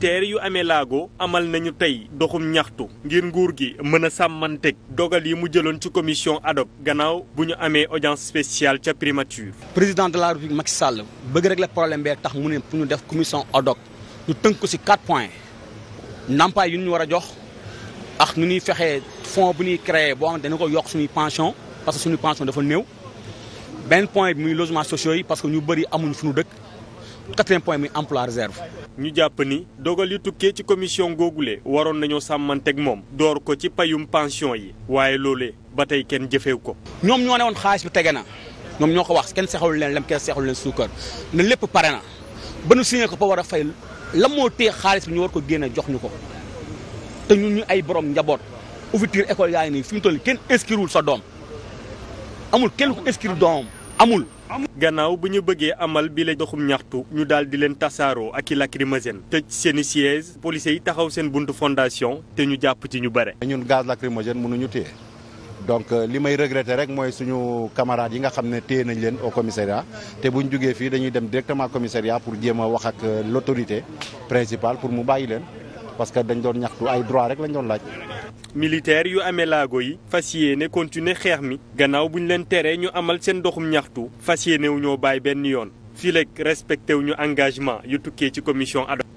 teer yu amee laago amal nañu tey doxum ñaxtu ngir nguur gi mën a sàmmanteeg dogal yi mu jëloon ci commission ad gannaaw bu ñu amee audience spéciale ca primature. président de la république Macky Sall bëgg régler problème bee tax mu ne pour ñu def commission ad hoc ñu tënk ko ci quatre points ndàmpaay yu ñu war a jox ax nu nuy fexee fon bu nuy créer boo xam ne ko yokk suñuy pension parce que suñuy pension dafa néew benn point bi muy logements sociaux yi parce que ñu bëri amuñ fu dëkk. quatrième point mi emploi réserve. ñu jàpp ni dogal yu tukkee ci commission le waroon nañoo sàmmanteeg moom door ko ci payum pension yi waaye loolee ba tey kenn jëfeew ko. ñoom ñoo ne woon xaalis bi tege na ñoom ñoo ko wax kenn seexalu leen lem kenn seexalu leen suukar ne lépp pare na ba nu signé ko ba war a fay la moo téye xaalis bi ñu war ko génne jox ñu ko te ñun ñu ay borom njaboot ouverture école yaa ngi nii fi mu toll nii kenn inscrire sa doom amul kenn ku inscrire amul. gannaaw bu ñu bëggee amal bi la doxum ñaxtu ñu daal di leen tasaaroo ak i lacrymogène tëj seen i siège police yi taxaw seen buntu fondation te ñu jàpp ci ñu bare. ñun gaz lacrymogène mënuñu téye donc euh, li may regretter rek mooy suñu camarades yi nga xam ne tee nañ leen au commissariat te bu ñu jógee fii dañuy dem directement commissariat pour jéem a wax ak euh, l' autorité pour mu bàyyi leen parce que dañ doon ñaxtu ay droit rek lañ doon laaj. militaire yu amee laago yi fas yéene continuer xeex mi gannaaw bu ñu leen teree ñu amal seen doxum ñaxtu fas yéene wu ñoo benn yoon fii rek respecté wu ñu engagement yu tukkee ci commission ad